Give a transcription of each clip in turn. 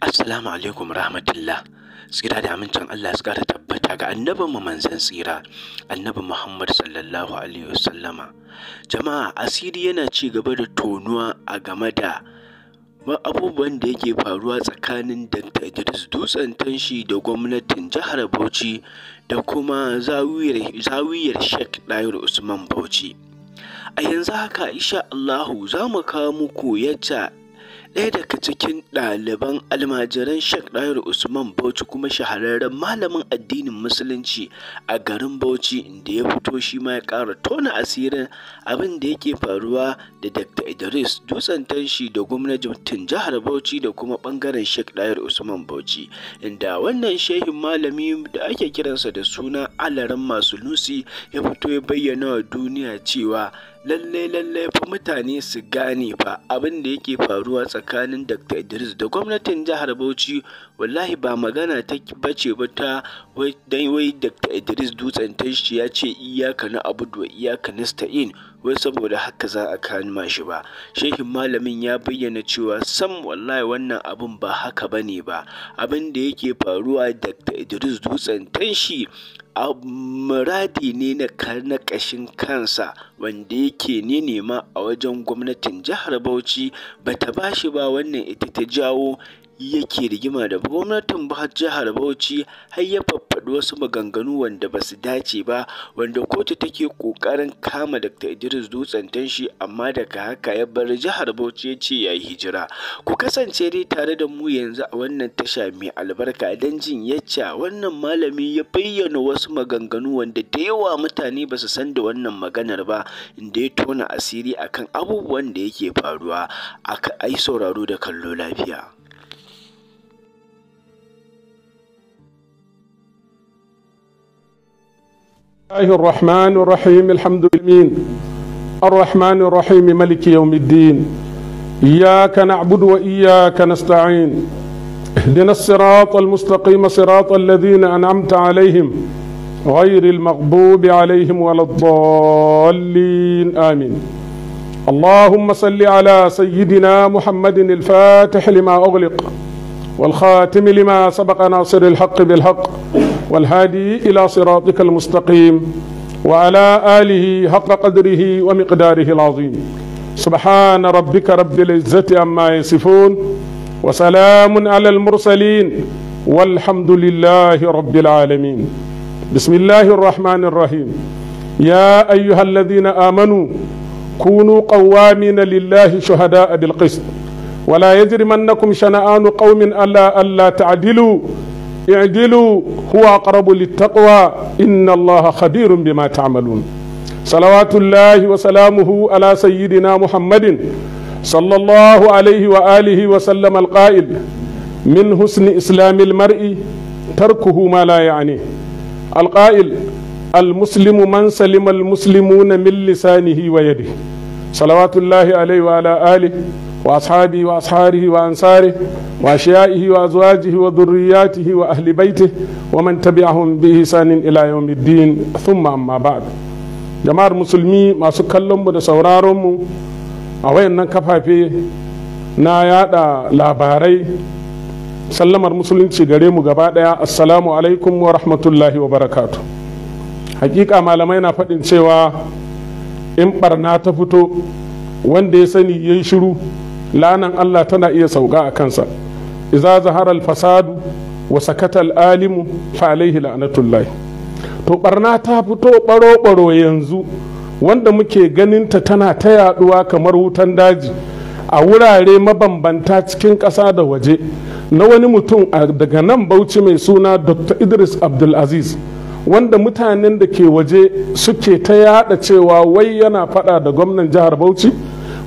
Assalamu alaikum rahmatullah. Tsira da amincin Allah su kara tabbata ga annabin mu manzan tsira, annabi Muhammad sallallahu alaihi wasallama. Jama'a asiri yana ci gaba da tonuwa a game da abubuwan da yake faruwa tsakanin Dr. Idris Dutsen Tanshi da gwamnatin jihar Bauchi da kuma zawiyar Sheikh Dayar Usman Bauchi. A yanzu haka insha Allahu za mu kawo muku yadda ɗaya daga cikin ɗaliban almajiran Sheikh Ɗayar Usman Bauchi kuma shahararren malamin addinin Musulunci a garin Bauchi inda ya fito shi ma ya ƙara tona asirin abin da yake faruwa da Dr. Idris Dutsen Tanshi da gwamnatin jihar Bauchi da kuma ɓangaren Sheikh Ɗayar Usman Bauchi inda wannan shehin malami da ake kiransa da suna Alaran Masu Nusi ya fito ya bayyana wa duniya cewa lalle lalle fa mutane su gane fa abin da yake faruwa tsakanin Dr. Idris da gwamnatin jihar Bauchi wallahi ba magana ta bace ba ta wai Dr. Idris dutsen tashi ya ce iyaka na abu wa iyaka nasta'in wai saboda haka za a kama shi ba shehin malamin ya bayyana cewa sam wallahi wannan abun ba haka ba ne ba abin da yake faruwa da idris dutsen tanshi a muradi ne na karnakashin kansa wanda yake ne nema a wajen gwamnatin jihar bauchi bata bashi ba wannan ita ta jawo yake rigima da gwamnatin jihar Bauchi har ya faffaɗi wasu maganganu wanda ba su dace ba wanda kotu take ƙoƙarin kama Dr. Idris Dutsen tanshi amma daga haka ya bar jihar Bauchi ya ce ya yi hijira. Ku kasance dai tare da mu yanzu a wannan tasha mai albarka don jin yacca wannan malami ya bayyana wasu maganganu wanda da yawa mutane ba su san da wannan maganar ba inda ya tona asiri akan abubuwan da yake faruwa aka ai sauraro da kallo lafiya. الله الرحمن الرحيم الحمد للمين الرحمن الرحيم ملك يوم الدين إياك نعبد وإياك نستعين اهدنا الصراط المستقيم صراط الذين أنعمت عليهم غير المغضوب عليهم ولا الضالين آمين اللهم صل على سيدنا محمد الفاتح لما أغلق والخاتم لما سبق ناصر الحق بالحق والهادي إلى صراطك المستقيم وعلى آله حق قدره ومقداره العظيم سبحان ربك رب العزة عما يصفون وسلام على المرسلين والحمد لله رب العالمين بسم الله الرحمن الرحيم يا أيها الذين آمنوا كونوا قوامين لله شهداء بالقسط ولا يجرمنكم شنآن قوم ألا ألا تعدلوا اعدلوا هو أقرب للتقوى إن الله خبير بما تعملون صلوات الله وسلامه على سيدنا محمد صلى الله عليه وآله وسلم القائل من حسن إسلام المرء تركه ما لا يعنيه القائل المسلم من سلم المسلمون من لسانه ويده صلوات الله عليه وعلى آله wa وأصحاره وأنصاره وأشيائه وأزواجه وذرياته وأهل بيته ومن تبعهم بإحسان إلى يوم الدين ثم amma بعد jama'ar musulmi masu kallonmu da sauraronmu a wayannan kafafe na yada labarai sallamar musulunci gare mu gaba daya assalamu alaikum wa rahmatullahi wa barakatu hakika malamai na faɗin cewa in barna ta fito wanda ya sani ya yi shiru lanan Allah tana iya sauka a kansa iza zahara al-fasadu wa sakata alimu fa alaihi la'natullah to barna ta fito baro baro yanzu wanda muke ganin ta tana ta yaduwa kamar wutan daji a wurare mabambanta cikin ƙasa da waje na wani mutum daga nan bauchi mai suna dr idris abdulaziz wanda mutanen da ke waje suke ta yada cewa wai yana fada da gwamnan jihar bauchi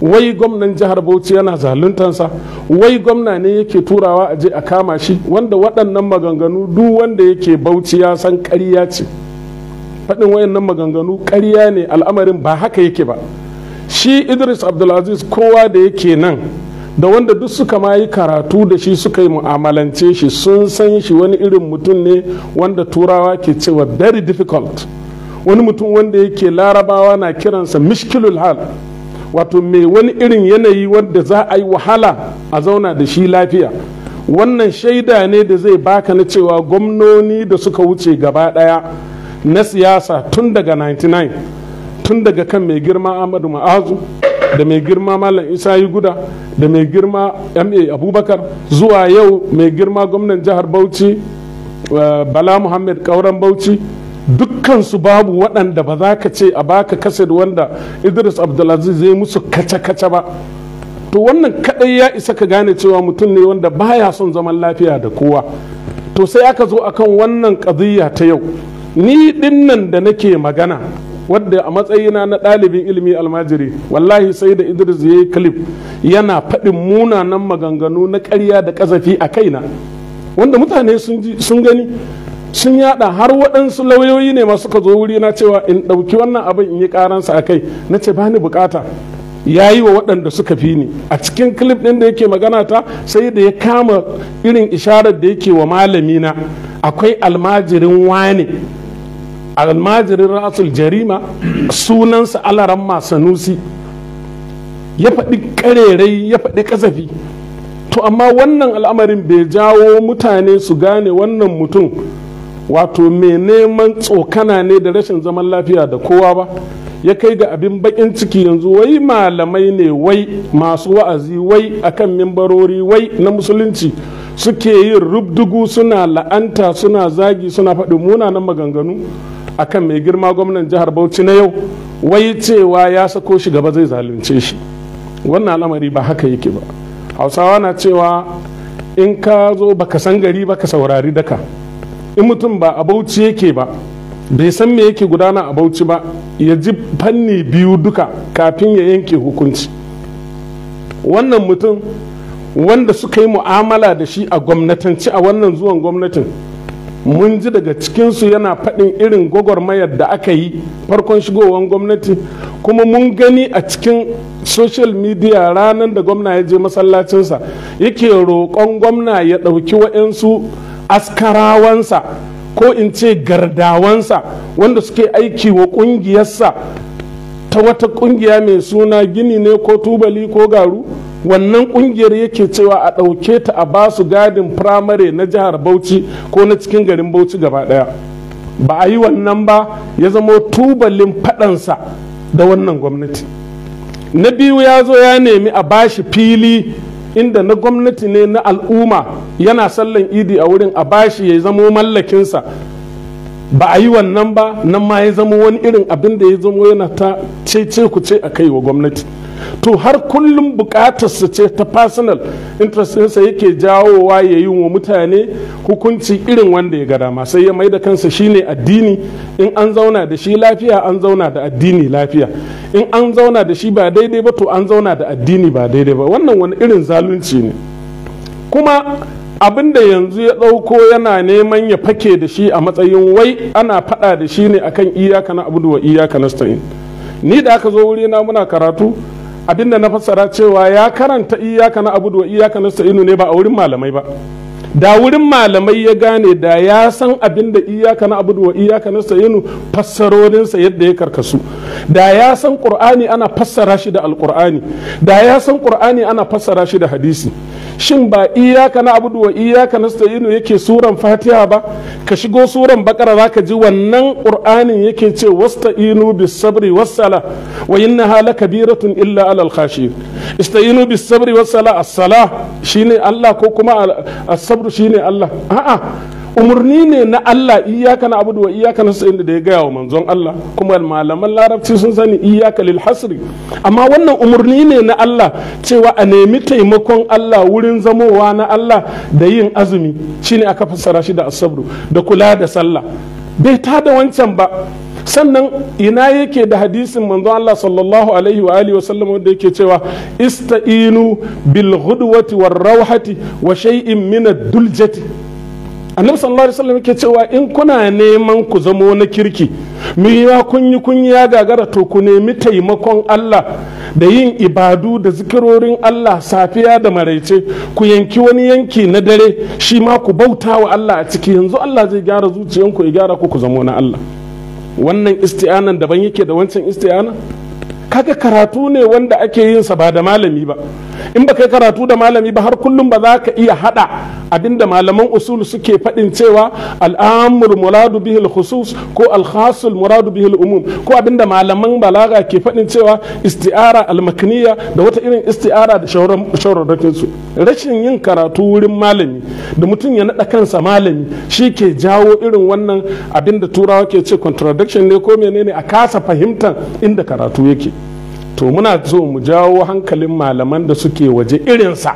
wai gwamnan jihar bauchi yana zaluntansa wai gwamna ne yake turawa a je a kama shi wanda waɗannan maganganu duk wanda yake bauchi ya san ƙarya ce faɗin wayannan maganganu ƙarya ne al'amarin ba haka yake ba shi idris abdulaziz kowa da yake nan da wanda duk suka ma yi karatu da shi suka yi mu'amalance shi sun san shi wani irin mutum ne wanda turawa ke cewa very difficult wani mutum wanda yake larabawa na kiransa mishkilul hal wato me wani irin yanayi wanda za a yi wahala a zauna da shi lafiya wannan shaida ne da zai baka na cewa gwamnoni da suka wuce gaba daya na siyasa tun daga 99 tun daga kan mai girma ahmadu ma'azu da mai girma malam isa yi guda da mai girma ma abubakar zuwa yau mai girma gwamnan jihar bauchi uh, bala muhammad kauran bauchi dukkansu babu waɗanda ba za ka ce a baka kaset wanda idris abdulaziz zai musu kace-kace ba to wannan kaɗai ya isa ka gane cewa mutum ne wanda baya son zaman lafiya da kowa to sai aka zo akan wannan ƙaziyya ta yau ni dinnan da nake magana wadda a matsayina na ɗalibin ilimi almajiri wallahi sai da idris ya yi clip yana faɗin munanan maganganu na ƙarya da ƙazafi a kaina wanda mutane sun gani sun yada har waɗansu lauyoyi ne masu ka zo wuri na cewa in ɗauki wannan abin in yi karansa a kai na ce ba ni bukata ya yi wa waɗanda suka fi ni a cikin clip ɗin da yake magana ta sai da ya kama irin isharar da yake wa malami na akwai almajirin wane almajirin rasul jarima sunansa alaran masanusi ya faɗi ƙarerai ya faɗi ƙazafi to amma wannan al'amarin bai jawo mutane su gane wannan mutum wato mai neman tsokana ne da rashin zaman lafiya da kowa ba ya kai ga abin bakin ciki yanzu wai malamai ne wai masu wa'azi wai akan mimbarori wai na musulunci suke yin rubdugu suna la'anta suna zagi suna faɗi munanan maganganu akan mai girma gwamnan jihar bauchi na yau wai cewa ya sako shi gaba zai zalunce shi wannan lamari ba haka yake ba hausawa na cewa in ka zo baka san gari baka saurari daka in mutum ba a bauchi yake ba bai san me yake gudana a bauchi ba ya ji fanni biyu duka kafin ya yanke hukunci wannan mutum wanda suka yi mu'amala da shi a gwamnatanci a wannan zuwan gwamnatin mun ji daga cikinsu yana faɗin irin gwagwarmayar da aka yi farkon shigowar gwamnati kuma mun gani a cikin social media ranar da gwamna ya je masallacinsa yake roƙon gwamna ya ɗauki waɗansu askarawansa ko in ce gardawansa wanda suke aiki wa kungiyarsa ta wata kungiya mai suna gini ne ko tubali ko garu wannan kungiyar yake cewa a ɗauke ta a basu gadin firamare na jihar bauchi ko na cikin garin bauchi gaba ɗaya ba a yi wannan ba ya zama tubalin faɗansa da wannan gwamnati na biyu ya zo ya nemi a bashi fili inda na gwamnati ne na al'umma yana sallan idi a wurin a bashi ya zamo mallakinsa ba a yi wannan ba nan ma ya zamo wani irin abin da ya zamo yana ta ce ce ku ce a kai wa gwamnati to har kullum bukatarsa ce ta personal interest ɗinsa yake jawowa ya yi wa mutane hukunci irin wanda ya gada masu sai ya mai da kansa shine addini in an zauna da shi lafiya an zauna da addini lafiya in an zauna da shi ba daidai ba to an zauna da addini ba daidai ba wannan wani irin zalunci ne kuma abin da yanzu ya ɗauko yana neman ya fake da shi a matsayin wai ana faɗa da shi ne akan iyaka na abu da iyaka na ni da aka zo wuri na muna karatu abinda na fassara cewa ya karanta iyaka na abudu wa iyaka na sa'inu ne ba a wurin malamai ba da wurin malamai ya gane da ya san abinda iyaka na abudu wa iyaka na sa'inu fassarorinsa yadda ya karkasu da ya san qur'ani ana fassara shi da alqur'ani da ya san qur'ani ana fassara shi da hadisi shin ba iyaka na abudu wa iyaka na nasta'inu yake suran fatiha ba ka shigo suran bakara zaka ji wannan ƙur'anin yake ce Inu bis sabri was sala wa innaha lakabiratun illa alal khashin ista'inu bis sabri was sala as sala shine Allah ko kuma as sabru shine Allah a'a umarni ne na Allah iyaka na abudu wa iyaka na sa'in da ya gaya wa manzon Allah kuma malaman larabci sun sani iyaka lil hasri amma wannan umarni ne na Allah cewa a nemi taimakon Allah wurin zamowa na Allah da yin azumi shine aka fassara shi da asabru da kula da sallah bai ta da wancan ba sannan ina yake da hadisin manzo Allah sallallahu alaihi wa alihi wasallam wanda yake cewa ista'inu bil ghudwati war rawhati wa shay'in min ad-duljati annabi sallallahu alaihi wasallam yake cewa in kuna neman ku zamo na kirki ma kun yi kun ya gagara to ku nemi taimakon Allah da yin ibadu da zikirorin Allah safiya da maraice ku yanki wani yanki na dare shi ma ku bauta wa Allah a ciki yanzu Allah zai gyara zuciyanku ya gyara ku ku zamo na Allah wannan isti'anan daban yake da wancan isti'ana kaga karatu ne wanda ake yin sa ba da malami ba in ba kai karatu da malami ba har kullum ba za ka iya hada abinda malaman usul suke faɗin cewa al'amur muradu bihil khusus ko alhasul muradu bihil umum ko abinda malaman balaga ke faɗin cewa isti'ara al da wata irin isti'ara da shawararrakin su rashin yin karatu wurin malami da mutum ya naɗa kansa malami shi ke jawo irin wannan abinda turawa ke ce contradiction ne ko menene a kasa fahimtar inda karatu yake to muna so mu jawo hankalin malaman da suke waje irinsa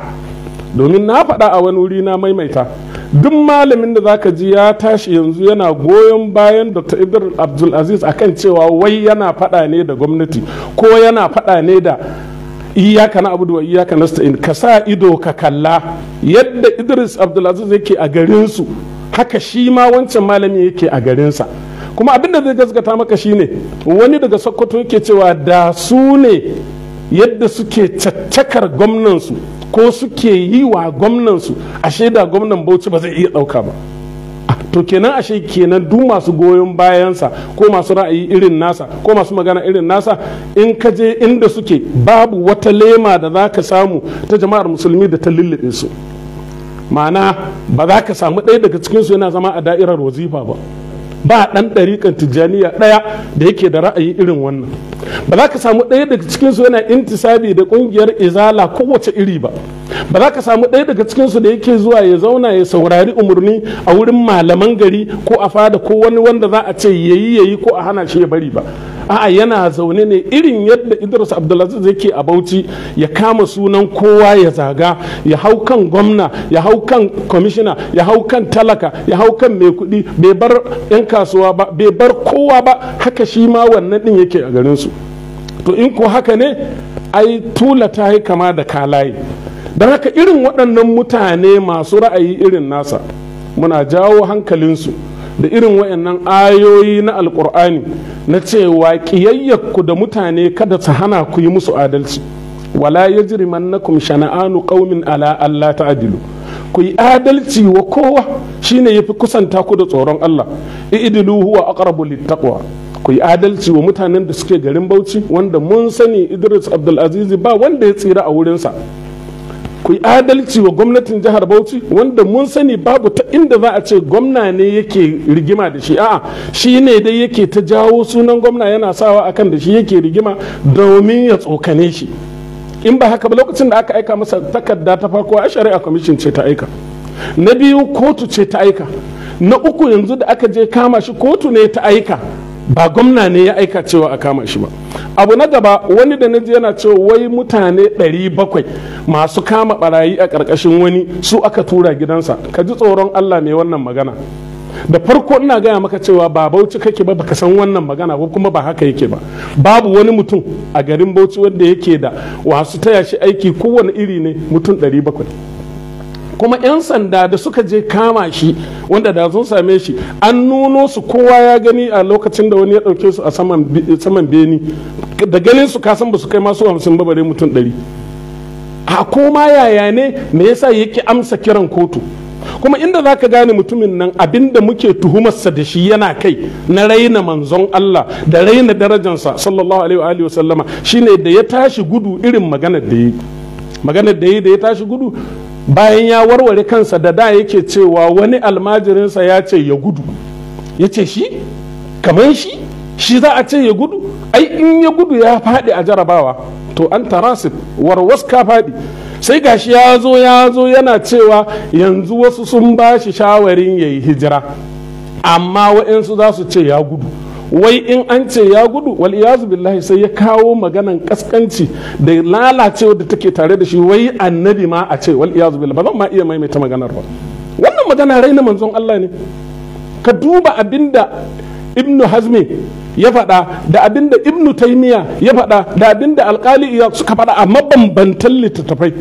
domin na faɗa a wani wuri na maimaita duk malamin da zaka ji ya tashi yanzu yana goyon bayan dr ibir abdulaziz kan cewa wai yana faɗa ne da gwamnati ko yana faɗa ne da iyaka na abudu wa iyaka sta'in ka sa ido ka kalla yadda idris abdulaziz yake a garinsu haka shi ma wancan malami yake a garinsa kuma abin da zai gaskata maka shine wani daga sokoto yake cewa da su ne yadda suke caccakar gwamnansu ko suke yi wa gwamnansu ashe da gwamnan bauchi ba zai iya ɗauka ba ah, to kenan ashe kenan duk masu goyon bayansa ko masu ra'ayi irin nasa ko masu magana irin nasa in ka je inda suke babu wata lema da za ka samu ta jama'ar musulmi da ta lullube su ma'ana ba za ka samu ɗaya daga cikinsu yana zama a da'irar wazifa ba ba ɗan ɗariƙar tijjaniya ɗaya da yake da ra'ayi irin wannan ba za ka samu ɗaya daga cikinsu yana intisabi da ƙungiyar izala kowace iri ba ba za ka samu ɗaya daga cikinsu da yake zuwa ya zauna ya saurari umarni a wurin malaman gari ko a fada ko wani wanda za a ce yayi yayi ko a hana shi ya bari ba a'a yana zaune ne irin yadda idris abdulaziz yake a bauchi ya kama sunan kowa ya zaga ya hau kan gwamna ya hau kan kwamishina ya hau kan talaka ya hau kan mai kuɗi bai bar 'yan kasuwa ba bai bar kowa ba haka shi ma wannan ɗin yake a garinsu to in ko haka ne ai tula ta yi kama da kalaye don haka irin waɗannan mutane masu ra'ayi irin nasa muna jawo hankalinsu da irin wayannan ayoyi na alkur'ani na cewa ƙiyayyarku da mutane kada ta hana ku yi musu adalci wala ya yajrimannakum shana'anu ƙaumin ala Allah ta'adilu. ku yi adalci wa kowa shine yafi kusanta ku da tsoron Allah i'dilu huwa aqrabu littaqwa ku yi adalci wa mutanen da suke garin Bauchi wanda mun sani Idris Abdulaziz ba wanda ya tsira a wurinsa ku yi adalci wa gwamnatin jihar Bauchi wanda mun sani babu ta inda za a ce gwamna ne yake rigima da shi a'a shi ne dai yake ta jawo sunan gwamna yana sawa akan da shi yake rigima domin ya tsokane shi in ba haka ba lokacin da aka aika masa takarda ta farko a shari'a kwamishin ce ta aika na biyu kotu ce ta aika na uku yanzu da aka je kama shi kotu ne ta aika ba gwamna ne ya aika cewa a kama shi ba abu na gaba wani da na yana cewa wai mutane 700 masu kama barayi a ƙarƙashin wani su aka tura gidansa ka ji tsoron allah mai wannan magana da farko ina gaya maka cewa ba bauchi kake ba baka san wannan magana ko kuma ba haka yake ba babu wani mutum a garin bauchi wanda yake da wasu taya shi aiki kowane iri ne mutum 700 kuma 'yan sanda da suka je kama shi wanda da sun same shi an nuno su kowa ya gani a lokacin da wani ya ɗauke su a saman beni da ganin su kasan ba su kai masu hamsin ba bare mutum ɗari a koma yaya ne me yasa yake amsa kiran kotu kuma inda za ka gane mutumin nan abinda muke tuhumarsa da shi yana kai na raina manzon Allah da raina darajansa sallallahu alaihi wa sallama shine da ya tashi gudu irin maganar da yi maganar da yi da ya tashi gudu bayan ya warware kansa da da yake cewa wani almajirinsa ya ce ya gudu ya ce shi kamar shi shi za a ce ya gudu ai in ya gudu ya faɗi a jarabawa to an tarasif warwas ka faɗi sai gashi ya zo ya zo yana cewa yanzu wasu sun ba shi shawarin ya yi hijira amma waɗansu za su ce ya gudu wai in an ce ya gudu wal iyazu billahi sai ya kawo maganan kaskanci da lalacewa da take tare da shi wai annabi ma a ce wal iyazu billahi ba zan ma iya maimaita maganar ba wannan magana raina manzon Allah ne ka duba abinda ibnu hazmi ya faɗa da abinda ibnu taymiya ya faɗa da abinda alƙali suka faɗa a mabambantan littattafai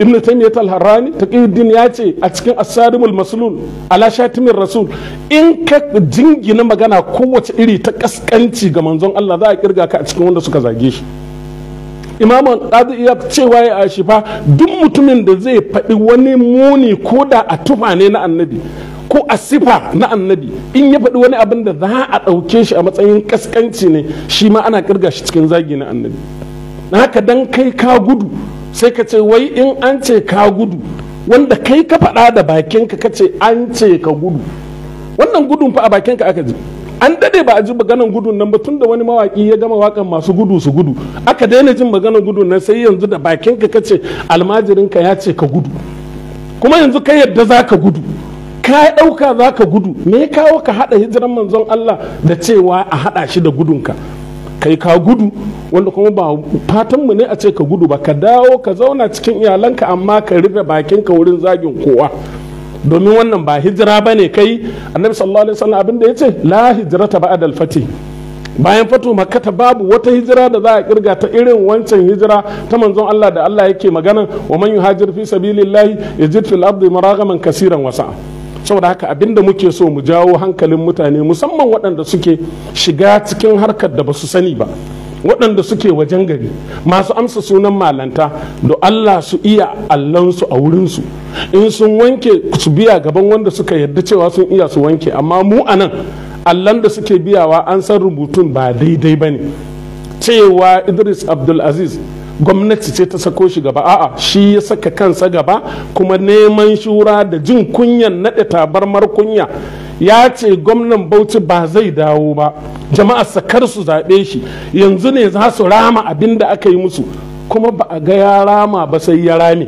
ibn taymiyyah al-harrani taqiyuddin ya ce a cikin asarimul maslul ala shatimin rasul in ka jingina magana kowace iri ta kaskanci ga manzon Allah za a kirga ka a cikin wanda suka zage shi Imaman qadi ya cewa ya shi fa duk mutumin da zai faɗi wani muni ko da a tufa ne na annabi ko a sifa na annabi in ya faɗi wani abin da za a ɗauke shi a matsayin kaskanci ne shi ma ana kirga shi cikin zagi na annabi haka dan kai ka gudu sai ka ce wai in an ce ka gudu wanda kai ka faɗa da bakinka ka ce an ce ka gudu wannan gudun fa a bakinka aka ji an dade ba a ji maganan gudun nan ba tun da wani mawaki ya gama wakan masu gudu su gudu aka daina jin maganan gudun nan sai yanzu da bakinka ka ce almajirinka ya ce ka gudu kuma yanzu kai yadda za ka gudu ka ɗauka za ka gudu me ya kawo ka haɗa hijiran manzon Allah da cewa a haɗa shi da gudunka kai ka gudu wanda kuma ba fatan mu ne a ce ka gudu ba ka dawo ka zauna cikin iyalanka amma ka rufe bakin ka wurin zagin kowa domin wannan ba hijira ba ne kai annabi sallallahu alaihi wasallam abin yace la hijrata ba adal fati bayan fatu makata babu wata hijira da za a kirga ta irin wancan hijira ta manzon Allah da Allah yake magana wa man yuhajir fi sabilillahi yajid fil ardi maragaman kaseeran wasa saboda haka abinda muke so mu jawo hankalin mutane musamman waɗanda suke shiga cikin harkar da ba su sani ba waɗanda suke wajen gari masu amsa sunan malanta da Allah su iya allansu a wurinsu in sun wanke su biya gaban wanda suka yarda cewa sun iya su wanke amma mu a nan allan da suke biyawa an san rubutun ba daidai ba ne cewa idris abdulaziz gwamnati ce ta sako shi gaba a'a shi ya saka kansa gaba kuma neman shura da jin kunyan naɗe tabarmar kunya ya ce gwamnan bauchi ba zai dawo ba jama'a sakar su zaɓe shi yanzu ne za su rama abin da aka yi musu kuma ba a ga ya rama ba sai ya rame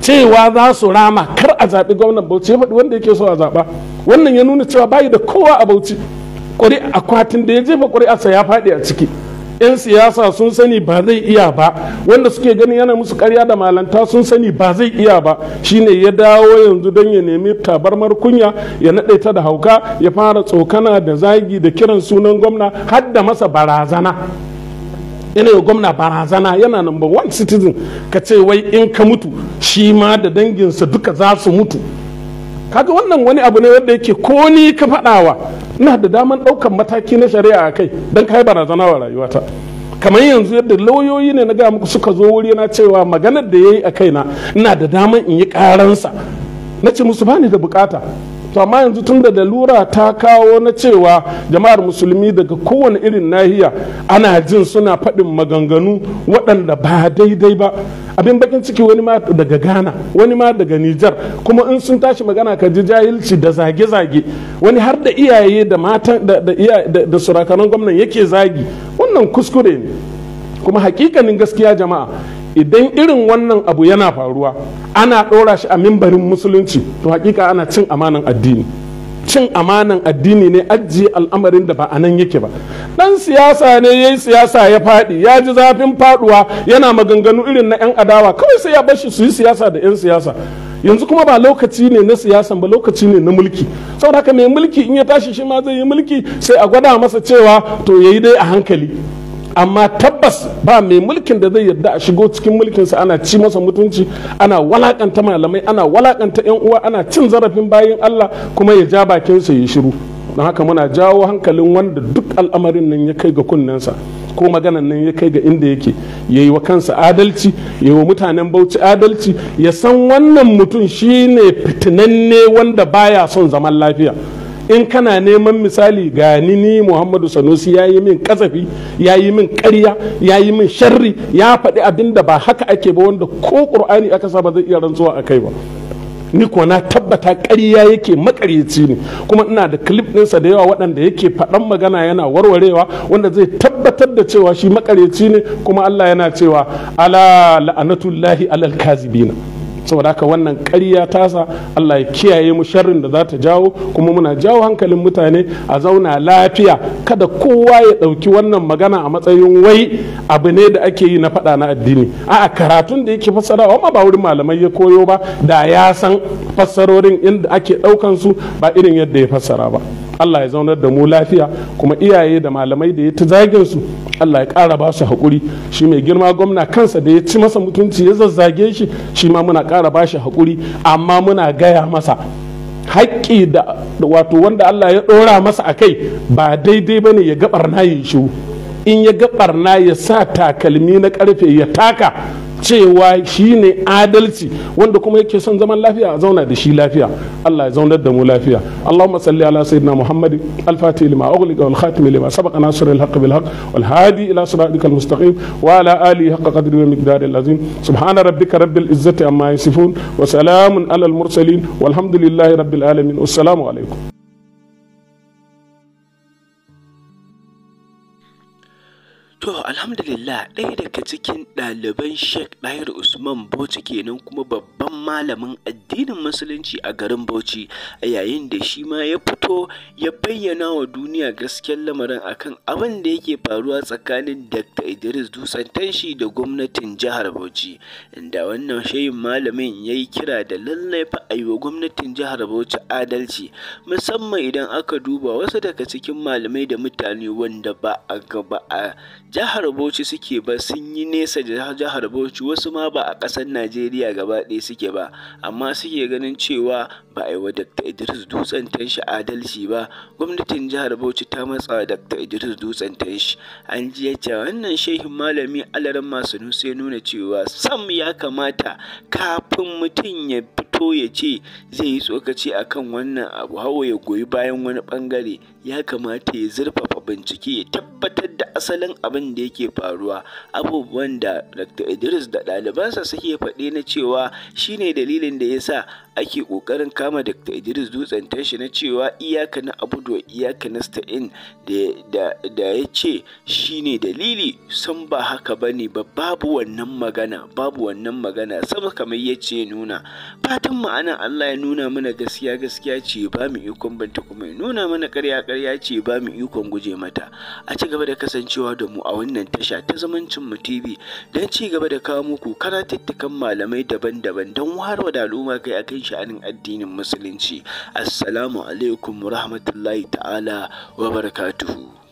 cewa za su rama kar a zaɓi gwamnan bauchi ya faɗi wanda yake so a zaɓa wannan ya nuna cewa bayi da kowa a bauchi akwatin da ya jefa ƙuri'arsa ya faɗi a ciki 'yan siyasa sun sani ba zai iya ba wanda suke gani yana musu karya da malanta sun sani ba zai iya ba shine ya dawo yanzu don ya nemi tabarmar kunya ya naɗe ta da hauka ya fara tsokana da zagi da kiran sunan gwamna har da masa barazana yana yi gwamna barazana yana number one citizen ka ce wai in ka mutu shi ma da danginsa duka za su mutu kaga wannan wani abu ne wanda yake ko ni ka faɗawa ina da daman ɗaukan mataki na shari'a a kai don kai barazana wa rayuwata kamar yanzu yadda lauyoyi ne na ga muku suka zo wuri na cewa maganar da ya yi a kaina ina da daman in yi karansa na ce musu bani da bukata to amma yanzu tun da lura ta kawo na cewa jama'ar musulmi daga kowane irin nahiya ana jin suna faɗin maganganu waɗanda ba daidai ba abin bakin ciki wani ma daga ghana wani ma daga nijar kuma in sun tashi magana ka ji jahilci da zage-zage wani har da iyaye da matan da surakanan gwamnan yake zagi wannan kuskure ne kuma hakikanin gaskiya jama'a idan irin wannan abu yana faruwa ana ɗora shi a mimbarin musulunci to hakika ana cin amanan addini cin amanan addini ne ajiye al'amarin da ba a nan yake ba ɗan siyasa ne yayi siyasa ya faɗi ya ji zafin faɗuwa yana maganganu irin na 'yan adawa kawai sai ya bashi su yi siyasa da 'yan siyasa yanzu kuma ba lokaci ne na siyasan ba lokaci ne na mulki saboda haka mai mulki in ya tashi shi ma zai yi mulki sai a gwada masa cewa to yayi dai a hankali amma tabbas ba mai mulkin da zai yarda a shigo cikin mulkinsa ana ci masa mutunci ana walakanta malamai ana walakanta yan uwa ana cin zarafin bayin Allah kuma ya ja bakinsa ya shiru don haka muna jawo hankalin wanda duk al'amarin nan ya kai ga kunnensa ko maganan nan ya kai ga inda yake ya yi wa kansa adalci ya yi wa mutanen bauchi adalci ya san wannan mutum shine fitinanne wanda baya son zaman lafiya in kana neman misali ga ni muhammadu sanusi ya yi min kasafi ya yi min karya ya yi min sharri ya faɗi abin da ba haka ake ba wanda ko ƙur'ani aka saba zai iya rantsuwa a kai ba ni kuwa na tabbata ƙarya yake makaryaci ne kuma ina da clip ɗinsa da yawa waɗanda yake faɗan magana yana warwarewa wanda zai tabbatar da cewa shi makaryaci ne kuma Allah yana cewa ala la'anatullahi alal kazibina saboda haka wannan ƙarya tasa Allah ya kiyaye mu sharrin da za ta jawo kuma muna jawo hankalin mutane a zauna lafiya kada kowa ya ɗauki wannan magana a matsayin wai abu ne da ake yi na faɗa na addini a'a karatun da yake fassarawa ma ba wurin malamai ya koyo ba da ya san fassarorin inda ake ɗaukan su ba irin yadda ya fassara ba Allah ya zaunar da mu lafiya kuma iyaye da malamai da ya ta zagin su Allah ya ƙara ba su haƙuri shi mai girma gwamna kansa da ya ci masa mutunci ya zazzage shi shi ma muna ƙara ba shi haƙuri amma muna gaya masa haƙƙi da wato wanda Allah ya ɗora masa a kai ba daidai ba ne ya gabar na yi shi in ya gabar na ya sa takalmi na ƙarfe ya taka cewa shi ne adalci wanda kuma yake son zaman lafiya a zauna da shi lafiya Allah ya zaunar da mu lafiya Allahumma salli ala sayyidina Muhammad al-Fatih lima ughliqa wal khatim lima sabaqa nasr al-haqq bil haqq wal hadi ila siratika al-mustaqim wa ala alihi haqq qadri wa miqdari al-azim subhana rabbika rabbil izzati amma yasifun wa salamun ala al-mursalin walhamdulillahi rabbil alamin assalamu alaikum To alhamdulillah ɗaya daga cikin ɗaliban Sheikh Ɗahir Usman Bauchi kenan kuma babban malamin addinin musulunci a garin Bauchi a yayin da shi ma ya fito ya bayyana wa duniya gaskiyar lamarin akan abin da yake faruwa tsakanin Dr. Idris Dutsen Tanshi da gwamnatin jihar Bauchi inda wannan shayin malamin ya yi kira da lallai fa a yi wa gwamnatin jihar Bauchi adalci musamman idan aka duba wasu daga cikin malamai da mutane wanda ba a gaba a jihar Bauchi suke ba sun yi nesa da jihar Bauchi wasu ma ba a ƙasar Najeriya gaba ɗaya suke ba amma suke ganin cewa ba a yi wa Dr. Idris Dutsen Tanshi adalci ba gwamnatin jihar Bauchi ta matsa wa Dr. Idris Dutsen Tanshi an ji wannan shehin malami alaran masu sai nuna cewa sam ya kamata kafin mutum ya fito ya ce zai yi tsokaci akan wannan abu hawa ya goyi bayan wani bangare ya kamata ya zurfafa bincike ya tabbatar da asalin abin da yake faruwa abubuwan da dr idris da ɗalibansa suke faɗi na cewa shine dalilin da ya sa ake ƙoƙarin kama Dr. Idris Dutsen tashi na cewa iyaka na abu da iyaka na sta'in da ya ce shi ne dalili sun ba haka ba ne ba babu wannan magana babu wannan magana sama kamar ya ce nuna fatan ma'ana Allah ya nuna mana gaskiya gaskiya ce ba mu ikon banta kuma ya nuna mana ƙarya ƙarya ce ba mu ikon guje mata a ci gaba da kasancewa da mu a wannan tasha ta zamancin mu TV don ci gaba da kawo muku karatuttukan malamai daban-daban don warwa da al'umma kai akan sha'anin addinin musulunci assalamu alaikum rahmatullahi ta'ala wa barakatuhu